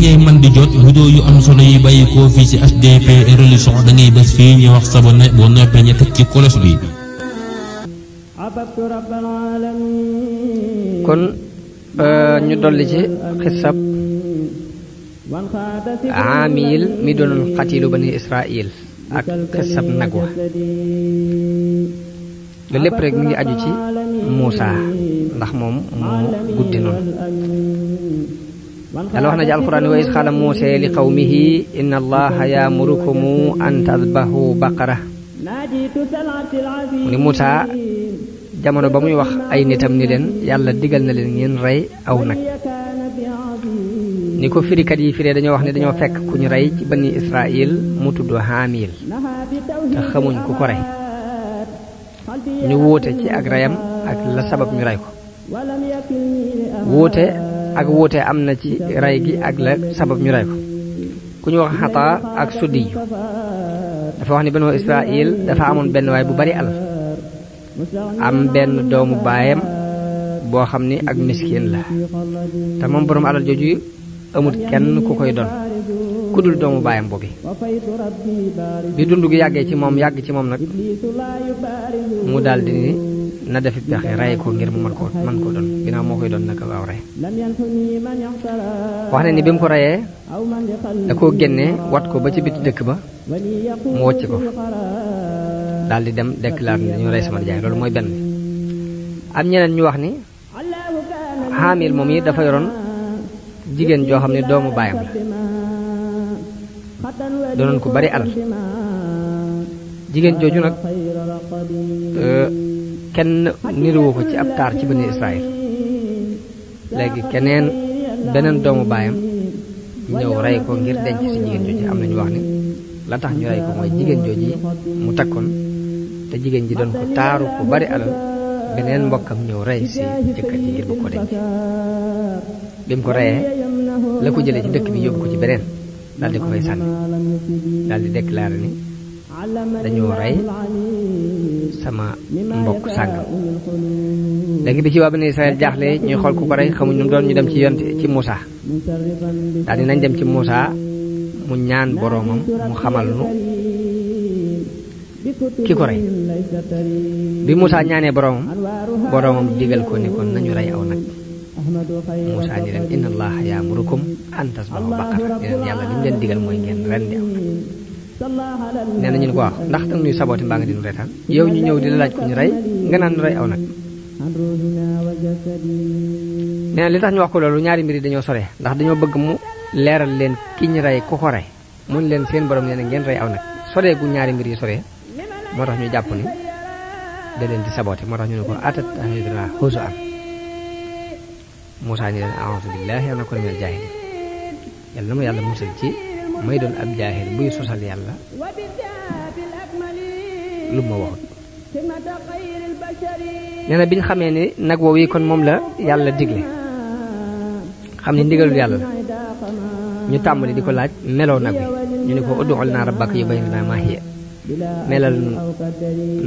ngay man di jot vidéo yu am solo yi bàyyi ñu wax sabone boo noppee teg ci kolos bi kon euh, ñu dolli ci xisab aamil mi doonoon xatiilu bani israil ak xisab nag wa lu lépp rek mu ngi aju ci Muusa ndax moom moo guddi noonu yàlla wax na ci alquran wa is xaala muusa li qawmihi inna allaha yaamurukum an tadbahu baqara mu ni Muusa jamono ba muy wax ay nitam ni leen yàlla digal na leen ngeen rey aw nag ni ko firikat yi firee dañoo wax ni dañoo fekk ku ñu rey ci bani Israil mu tudd Haamil te xamuñ ku ko rey ñu wuute ci ak reyam ak la sabab ñu rey ko ak wuute am na ci rey gi ak la sabab ñu rey ko ku ñu wax xataa ak suddi yu dafa wax ni banu Israil dafa amoon benn waay bu bari alal am benn doomu baayam boo xam ni ak miskin la te moom boroom alal jooju amut kenn ku koy don ku dul doomu baayam boobi bi dund gi yàggee ci moom yàgg ci moom nag mu daldi ni na def pexe ray ko ngir mu man ko man ko don ginaaw mo koy don naka waaw rey waxna ni bim ko rayee da ko genné wat ko ba ci biti dekk ba mo wacc ko dal di dem déclare ne ñu ray sama jaay lolu moy ben am ñeneen ñu wax ni hamil momi yi dafa yoron jigen jo xamni doomu bayam la donon ko bari alal jigéen jooju nag kenn niruwu ko ci ab taar ci bani Israël léegi keneen beneen doomu baayam ñëw rey ko ngir denc si jigéen jooji am nañu wax ni la tax ñu rey ko mooy jigéen jooji mu takkoon te jigéen ji doon ko taaru ku bari alal beneen mbokkam ñëw rey si jëkkër ji ngir bu ko denc bi mu ko reyee la ko jëlee ci dëkk bi yóbbu ko ci beneen daal di ko fay sànni daal di déclaré ni dañoo rey sama mbokk sang léegi bi ci waa bani israël jaxlé ñu xol ku ko ray xamu ñu doon ñu dem ci yoon ci Moussa daal di dem ci Moussa mu ñaan boromam mu xamal nu ki ko ray bi Moussa ñaané boroomam boromam digal ko ni kon nañu ray aw nak Moussa ni leen inna allah ya'murukum an tasbahu baqara yalla yàlla leen digal ngeen rendi aw nee na ñu ne ko waaw ndax danga ñuy sabooti mbaa nga dinu reetaan yow ñu ñëw di la laaj ku ñu rey nga naan rey aw nag nee li tax ñu wax ko loolu ñaari mbir yi dañoo sore ndax dañoo bëgg mu leeral leen ki ñu rey ku ko rey mun leen seen borom nee ngeen rey aw nag soree gu ñaari mbir yi soree moo tax ñu jàpp ni da leen di sabooti moo tax ñu ne ko atat ahidna xuusu am Moussa ni leen aousu billahi ana ko minal jaahiliin yàlla na ma yàlla musal ci may doon ab jaahil buy sosal yàlla lu ma waxut nee na bi xamee ni nag woow yi kon moom la yàlla digle xam ni ndigalul yàlla ñu tàmbali di ko laaj meloo nag wi ñu ne ko ud'u lanaa rabbaka yubayyin lanaa maa hiya melal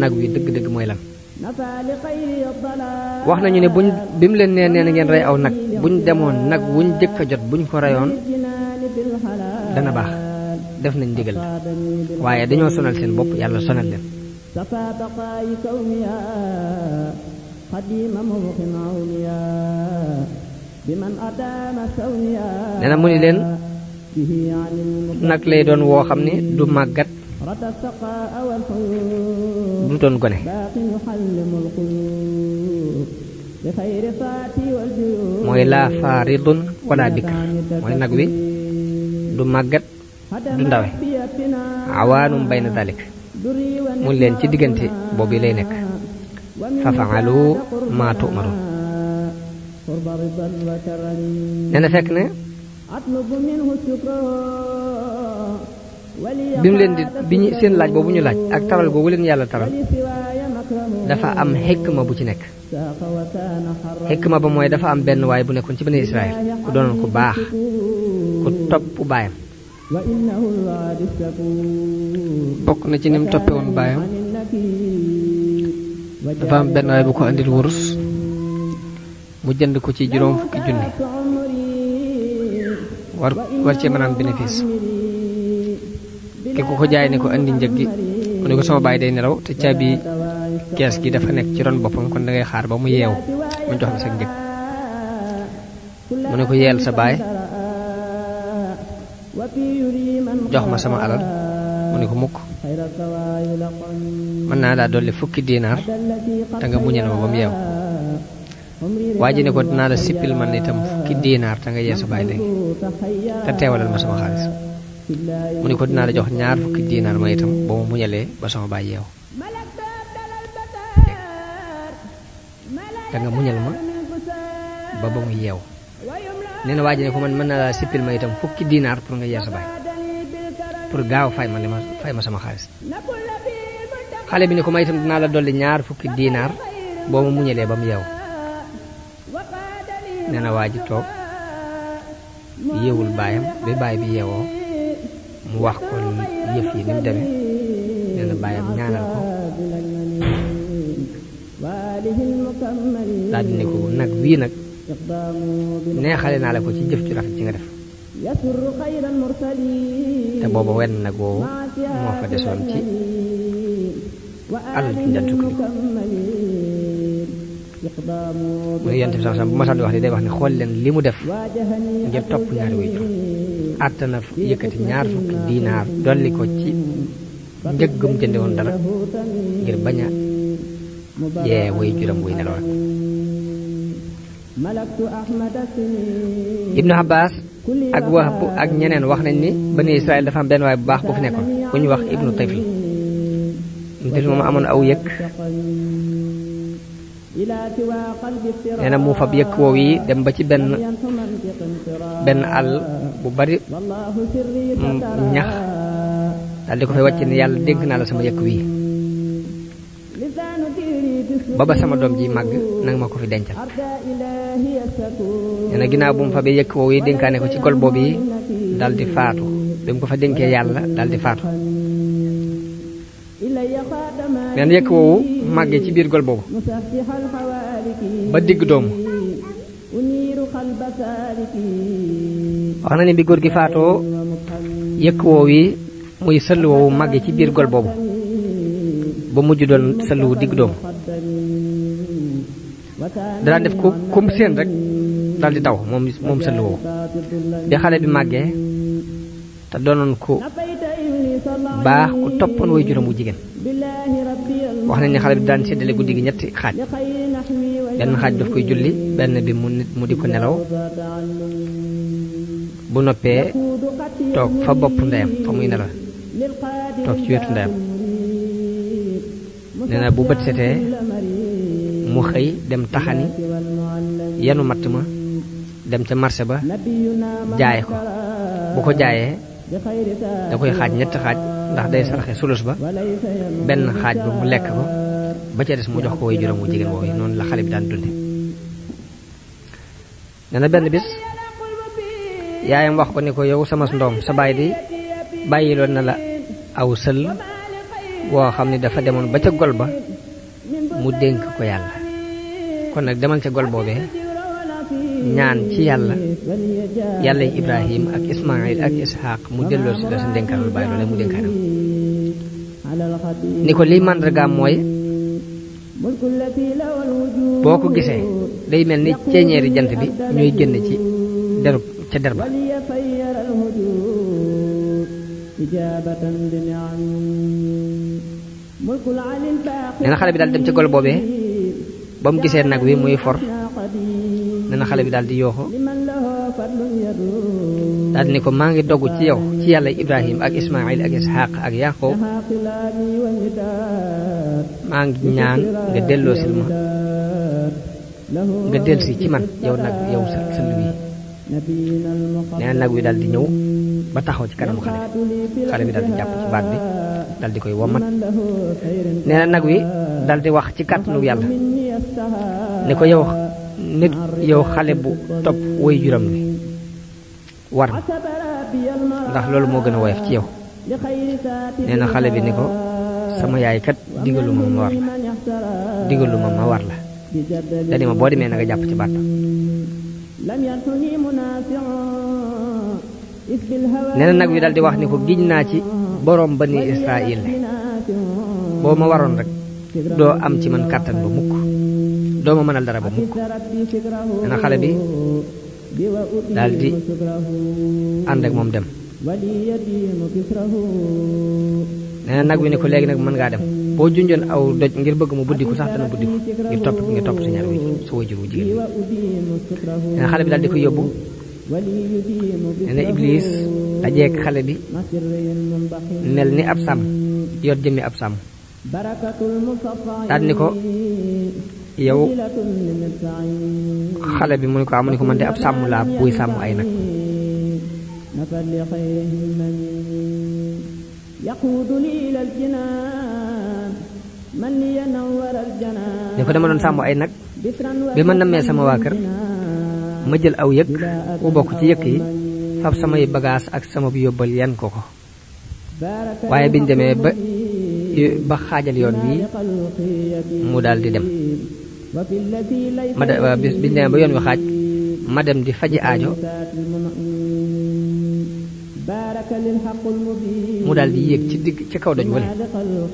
nag wi dëgg-dëgg mooy lan wax nañu ne bu bi mu leen nee nee na ngeen rey aw nag buñ demoon nag wuñ jëkk a jot buñ ko reyoon dana baax def nañ ndigal waaye dañoo sonal seen bopp yàlla sonal leen nee na mu ni leen nag lay doon woo xam ne du màggat du doon gone mooy laa faaridun wala bikr mooy nag wi du màggat du ndawe awaanum bayna dalik mun leen ci diggante boobu lay nekk fa faalu maa tu'maroon nee na fekk ne bi mu leen di bi ñu seen laaj boobu ñu laaj ak taral googu leen yàlla taral dafa am hikma bu ci nekk hikma ba mooy dafa am benn waay bu nekkoon ci bani israel ku doonoon ku baax ku topp baayam bokk na ci nim toppe woon dafa am benn waay bu ko andil wurus mu jënd ko ci juróom fukki junni war war ci manam bénéfice ke ko ko jaay ne ko andi ko ne ko sama baay day nelaw te caabi kees gi dafa nekk ci ron boppam kon da ngay xaar ba mu yeew mu jox la sa njëg mu ne ko yeel sa baay jox ma sama alal mu ne ko mukk man naa laa dolli fukki dinaar da nga muñal ma ba mu yeew waa ji ne ko dinaa la sippil man itam fukki dinaar da nga sa baay léegi te ma sama xaalis mu ne ko dinaa la jox ñaar fukki dinaar ma itam ba mu muñalee ba sama baay yeew te nga muñal ma ba ba mu yeew nee na waa ji ne ko man mën naa laa sippil ma itam fukki diinaar pour nga yee sa baay pour gaaw fay ma li ma fay ma sama xaalis xale bi ne ko ma itam dinaa la dolli ñaar fukki diinaar boo ma muñalee ba mu yeew nee waa ji toog yéewul baayam bi baay bi yeewoo mu wax ko yëf yi ni mu demee nee baayam ñaanal ko daal di ko nag wii nag neexale naa la ko ci jëf ju rafet ci nga def te booba wenn nag woowu moo fa desoon ci àll bi ñu daan sukkandiku bu ma sax di wax day wax ne xool leen li mu def ngir topp ñaari way jur àttana yëkkati ñaar fukki diinaar dolli ko ci njëggum jënde woon dara ngir bañ yee way juram way nelaw rek ibnu abbas ak wax ak ñeneen wax nañ ni bani israël dafa am benn waay bu baax bu fi nekkoon bu ñu wax ibnu tayfi ibnu tayfil moom amoon aw yëkk nee na mu fab yëkk woow yi dem ba ci benn benn àll bu bari ñax daal di ko fay wàcc ni yàlla dégg naa la sama yëkk wii ba ba sama doom ji màgg nanga ma ko fi dencal nee na ginnaaw bu mu fa yëkk woowu yi ko ci gol boobu yi faatu bi mu ko fa dénkee yàlla dal di faatu nee yëkk woowu màggee ci biir gol boobu ba digg doomu wax na ni bi góor gi faatoo yëkk woowu muy sëll woowu màggee ci biir gol boobu ba mujj doon sëll wu digg doomu dara def ko kum sen rek dal di daw mom mom sëll woowu ya xale bi magge ta donon ko baax ku topon way juróom bu jigéen wax nañ ni xale bi dan sedele guddi gi ñetti xaj ben xaj daf koy julli ben bi mu nit mu diko nelaw bu noppé tok fa bop ndem fa muy nelaw tok ci wetu ndem nena bu bët setee mu xëy dem taxani yenu matt ma dem ca marché ba jaay ko bu ko jaayee da koy xaaj ñetti xaaj ndax day saraxe sulus ba benn xaaj ba mu lekk ko ba ca des mu jox ko way juróom wu jigéen woowu noonu la xale bi daan dunde nee na benn bis yaayam wax ko ni ko yow sama ndoom sa baay di bàyyiloon na la aw sël woo xam ne dafa demoon ba ca gol ba mu dénk ko yàlla kon nag demal ca gol boobee ñaan ci yàlla yàlla ibrahim ak ismail ak ishaq mu delloo si la sa dénkaanul bàyyi loole mu dénkaanam ni ko liy màndargaam mooy boo ko gisee day mel ni ceeñeeri jant bi ñooy génn ci derub ca der ba nee xale bi daal dem ca gol boobee bam mu nak wi muy for ya, nena xale bi daldi yoxo dal ni ko mangi dogu ci yow ci yalla ibrahim ak ismaeil ak ishaq ak yaqub mangi ñaan nga delo sil ma nga del si ci man yow nak yow sa sa bi nee wi daldi di ba taxaw ci kanam xale xale bi daldi japp ci baat bi daldi di koy womat nee nak wi daldi di wax ci kàttanu yalla ne ko yow nit yow xale bu top way juram ni war ndax lolu mo gëna a ci yow neena xale bi ni sama yaay kat digaluma mo war la mo ma war la dani ma bo demé na nga japp ci wi wax ni ko giñ naa ci borom bani israël bo ma waron rek do am ci man katan bu mukk doo ma mënal dara ba mukk nee xale bi daal di ànd ak moom dem nee nag wi ne ko léegi nag mën ngaa dem boo junjoon aw doj ngir bëgg mu buddi ko sax dana buddiku ngir topp ngir topp sa ñaar wi sa wajur wu jigéen nee xale bi daal di ko yóbbu nee na iblis dajeeg xale bi mel ni ab sàmm yor jëmmi ab sàmm daal ni ko yow xale bi mu ne ko amu ne ko man de ab sam la buy sam ay nak ne ko dama don sam ay nak bi ma namé sama wa kër ma jël aw yëkk wu bokku ci yëkk yi fab yi bagage ak sama bi yobal yan ko ko waye biñ démé ba ba xajal yoon wi mu daldi dem mada bis ne wi di faji ajo mu dal di yek ci dig ci kaw doj wala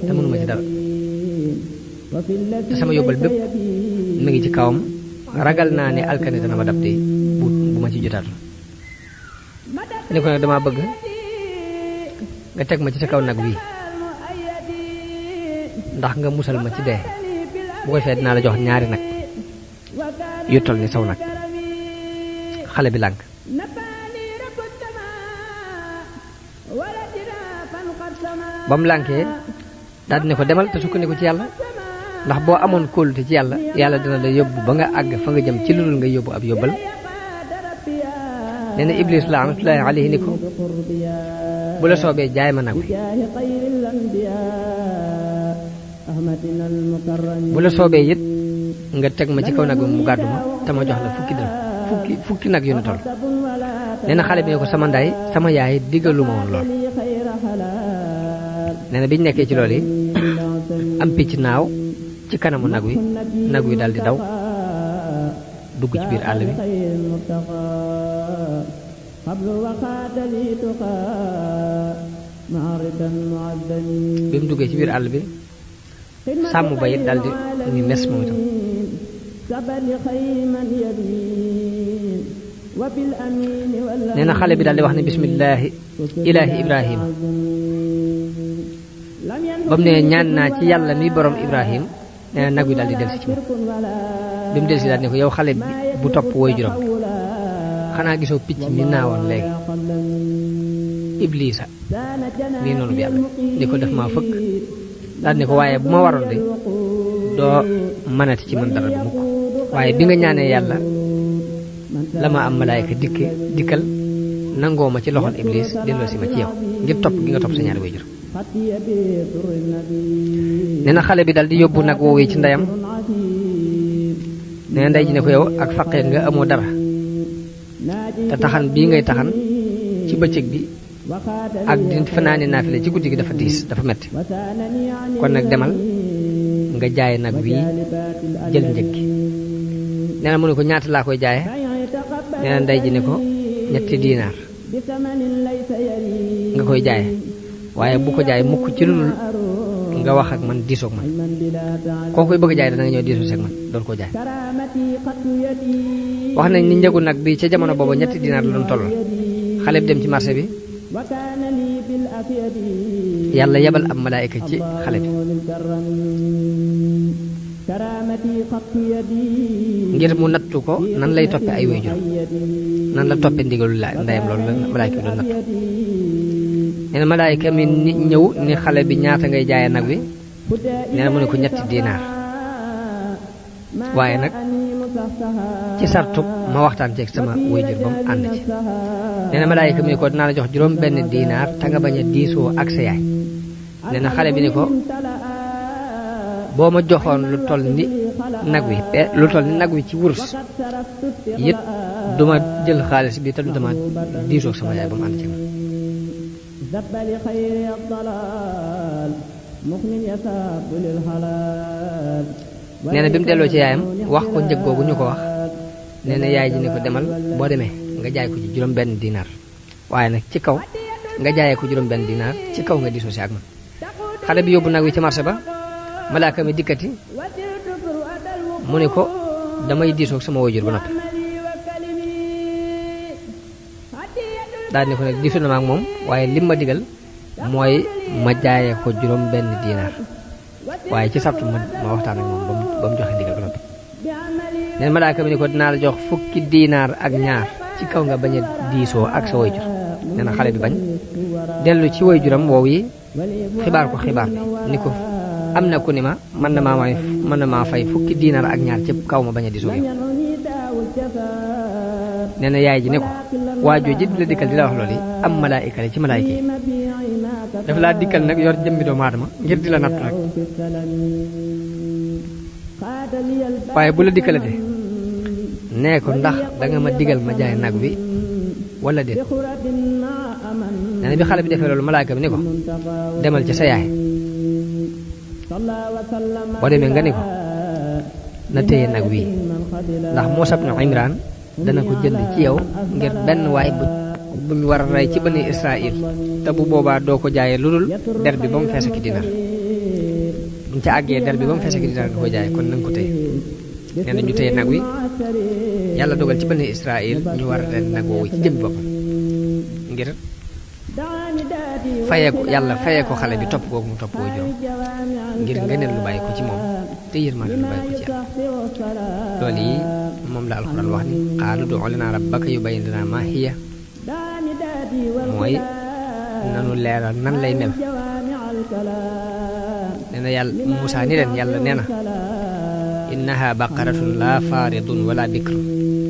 te ma ci dal sama yobal bépp mi ngi ci kawam ragal na ne alkane dana ma dab bu bu ma ci jotal ne ko dama bëgg nga tek ma ci sa kaw nak wi ndax nga musal ma ci dee bu ko fee dinaa la jox ñaari nak yu tol ni saw nak xale bi lànk bam lànkee dal ni ko demal te ko ci yalla ndax boo amoon kóolute ci yalla yalla dina la yobbu ba nga ag fa nga jëm ci lulul nga yobbu ab yobbal nena iblis la amatullahi alayhi nikum ko bu la soobee jaay ma nak bu la soobee it nga teg ma ci kaw nag mu gàddu ma te jox la fukki nag yu nu toll nee na xale bi ne ko sama ndaay sama yaay diggalu ma lool nee na bi ñu nekkee ci lool yi am picc naaw ci kanamu nag wi nag wi daal di daw dugg ci biir àll bi bi mu duggee ci biir àll bi sàmm ba it daal di mes moom itam na xale bi daal di wax ne bismillaahi ilaahi ibrahima ba mu ne ñaan naa ci yàlla mi borom ibrahim nee na nag wi daal di delsi ci moom bi mu delsi daal ne ko yow xale bi bu topp woy juróom xanaa gisoo picc mi naawoon léegi iblisa mii noonu bi yàlla ni ko def maa fëkk daal ni ko waaye bu ma waroon de doo mënati ci man dara bu mukk waaye bi nga ñaanee yàlla la ma am malaayka dikk dikkal nangoo ma ci loxol iblis delloo si ma ci yow ngir topp gi nga topp sa ñaari wayjur nee na xale bi daal di yóbbu nag woowee ci ndeyam nee na ndey ji ne ko yow ak faqeet nga amoo dara te taxan bii ngay taxan ci bëccëg bi ak di fanaane naafile ci guddi gi dafa diis dafa metti kon nag demal nga jaay nag wii jël njëg gi nee na ko ñaata laa koy jaaye nee na ndey ji ne ko ñetti diinaar nga koy jaaye waaye bu ko jaay mukk ci lul nga wax ak man diisoog man koo koy bëgg a jaay dana nga ñëw diisoo seeg man doon ko jaay wax nañ ni njëgu nag bi ca jamono booba ñetti diinaar la doon toll xale bi dem ci marché bi yàlla yebal ab malaayika ci xale bi ngir mu nattu ko nan lay toppe ay wéyjur nan la toppe ndigalu la ndeyam loolu la malaayika bi nattu nee na malaayika mi ñëw ni xale bi ñaata ngay jaaye nag wi nee na mu ne ko ñetti dinaar waaye nag ci sartu ma waxtaan ceeg sama waajur ba mu ànd ci nee na malaayika mi ni ko dinaa la jox juróom benn diinaar te nga bañ a diisoo ak sa yaay nee xale bi ni ko boo ma joxoon lu toll ni nag wi eh, lu toll ni nag wi ci wurus it duma jël xaalis bi te du dama diisoo sama yaay ba mu ànd ci ma nee na bi mu delloo ci yaayam wax ko njëg googu ñu ko wax nee na yaay ji ne ko demal boo demee nga jaay ko juróom-benn dinaar waaye nag ci kaw nga jaayee ko juróom-benn dinaar ci kaw nga disoo si ak man nag wi ci marché ba malaaka mi dikkati mu ne ko damay diisoog sama wajur ba noppi daal ne ko nag diisoo na moom waaye lim ma digal mooy ma jaayee ko juróom benn diinaar waaye ci sabtu ma ma waxtaan ak moom ba mu joxe ndigal ba noppi neen malaaka bi ni ko dinaa la jox fukki diinaar ak ñaar ci kaw nga bañ a diisoo ak sa wayjur nee na xale bi bañ dellu ci wayjuram woow yi xibaar ko xibaar bi ni ko am na ku ni ma mën na maa may mën na maa fay fukki diinaar ak ñaar ci kaw ma bañ a diisoo yow nee na yaay ji ne ko waajoo ji di la dikkal di la wax loolu am malaayika la ci malaayika yi daf laa dikkal nag yor jëmmi doomu aadama ngir di la natt rek waaye bu la dikkalatee nee ndax danga ma digal ma jaay nag wi wala na bi xale bi defee loolu malaaka bi ni ko demal ci sa yaay boo demee nga ni ko na téye nag wii ndax moo sab na imraan dana ko jënd ci yow ngir benn waay bu buñ war ray ci bani israël te bu boba do ko jaayee lulul dul der bi ba mu fees ak dinar buñ ca àggee der bi ba mu ak dinar ko jaay kon nang ko tey nee ñu tey e nak wi yalla dogal ci bani israël ñu war ren ci jëm ngir faye ko yalla faye ko xalé bi top googu mu top wo jom ngir ngeenel lu bàyyi ko ci mom te ma lu bàyyi ko ci Loli, mom yi moom la alquran wax ni qaalu du lana rabbaka yubayyin lana ma hiya Moy, nanu leeral nan lay mel nee na yàlla ni leen yàlla nee innaha baqaratun la faridun wala bikr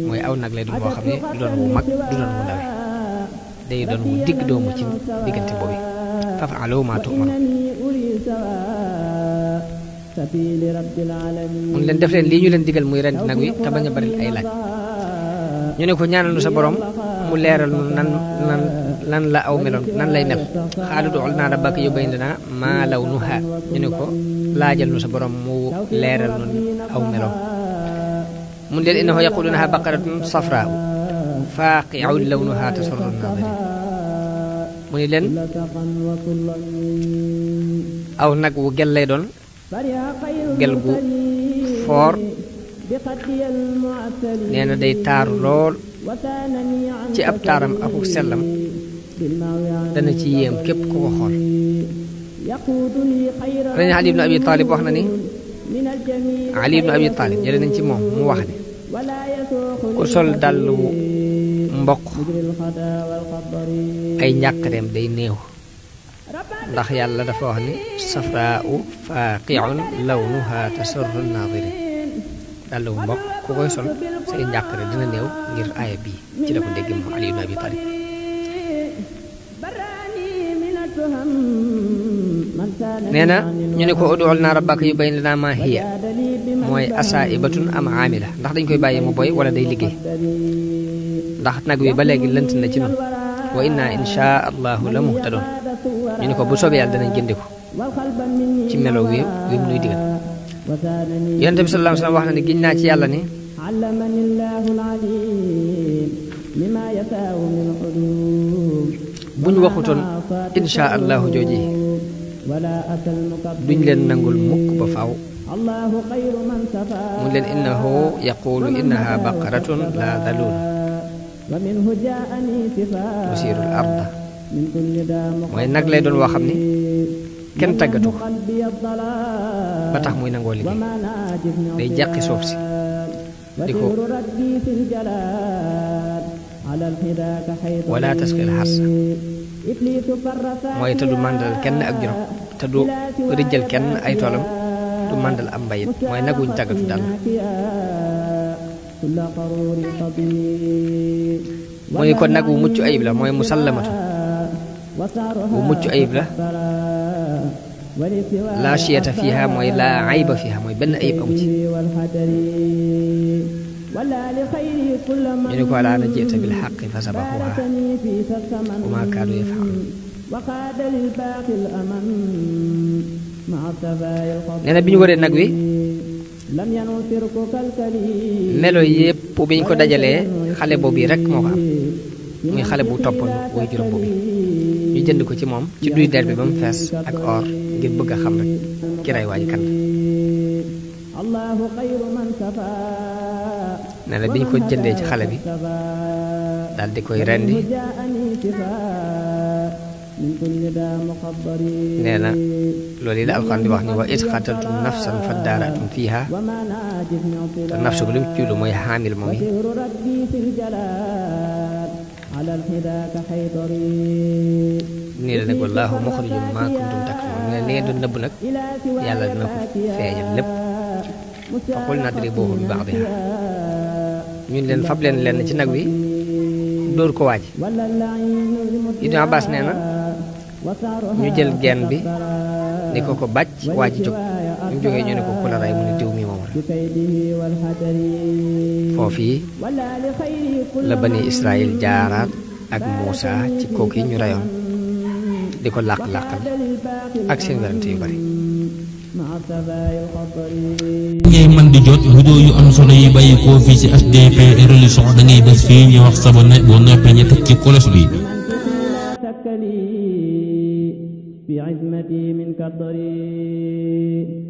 mooy aw nag lay doon boo xam ne du mag du doon wu ndawe day doon wu digg doomu ci diggante boobu faf'alu ma tu'maru mun leen def leen lii ñu leen digal muy wi bari ay laaj ñu ne ko ñaanal sa borom mu leeral nu nan nan la aw meloon nan lay mel xaalu doxul naa rabbaka yóbbayn dinaa maa law nuha ñu ne ko laajal nu sa boroom mu leeral nu aw meloon mun leen innahu yaqulunaha baqaratun safraa faaqi'un lawnuha mu ni leen aw nag wu gel lay doon gel gu foor بقدي المعتلين لأن دي تار رول تي أب تارم أبو سلم دانا تي يم كيب كو خور يقودني خيرا رني علي بن أبي طالب وحنا من الجميع علي بن أبي طالب يلي ننتي مو مو واحد ولا يسوق كسل دلو mbokk ay ñàkkareem day néew ndax yàlla dafa wax ni safraau faqicun lawnuha tasurru naadirin dàll wu ngir aaya nee na ñu ne ko udul naa rabbaka yu bayn lana ma hiya mooy asaibatun am amila ndax dañ koy bàyyi mu boy wala day liggéey ndax nag wi ba léegi lënt na ci noonu wa inna inshaa allahu la muhtadoon ñu ne ko bu soobee yàlla danañ jëndiku ci melo wi wi mu nuy digal yonent bi sallallahu alayhi wa sallam wax na ne giñ naa ci yàlla ni bu ñu waxutoon insha allahu jooji duñ leen nangul mukk ba faaw mu leen innahu yaqulu innaha baqaratun la dalul musiirul arda mooy nag lay doon woo xam ni kenn tàggatu ko ba tax muy nangoo liggéey day jàqi suuf si mooy te du màndal kenn ak juróom te du rijjal kenn ay toolam du màndal am mbayit mooy naguñ tàggatu daal mu nag wu mucc ayib la mooy musallamatu هو مج عيب له لا شيئة فيها موي لا عيب فيها موي بن عيب أمج ينكو على أن جئت بالحق فسبقوها وما كانوا يفعلون وقاد نقول الأمن مع التفاي ملو يبو بني دجالي خالي بوبي رك موغا مي خالي طبو ويجرم بوبي jënd ko ci moom ci duy der bi ba mu fees ak or ngir bëgg a xam rek ki rey waa ji kan nee na bi ñu ko jëndee ci xale bi daal di koy rendi nee na loolu yi la alxuraan di wax ni wa it xataltum nafsan fa daaratum fiiha te nafsu bi lu mu ci jublu mooy xaamil moom yi nii la nag wallaahu muxrijum maa kuntum taktumun ne li ngeen doon nëbb nag yàlla dina ko feeñal lépp fa qul naa dribuuhu bi ba'dihaa ñun leen fab leen lenn ci nag wi dóor ko waaj Ibnu Abbas nee na ñu jël genn bi ni ko ko bàcc waaj jóg ñu jógee ñu ne ko ku la ray mu ne diw mi moom la bani israil jaaraat ak Moussa ci kooku ñu rayoon di ko ak seen yu bari ngay man di jot vidéo yu am solo yi bàyyi koo fii ci religion da ngay def ñu wax ci bi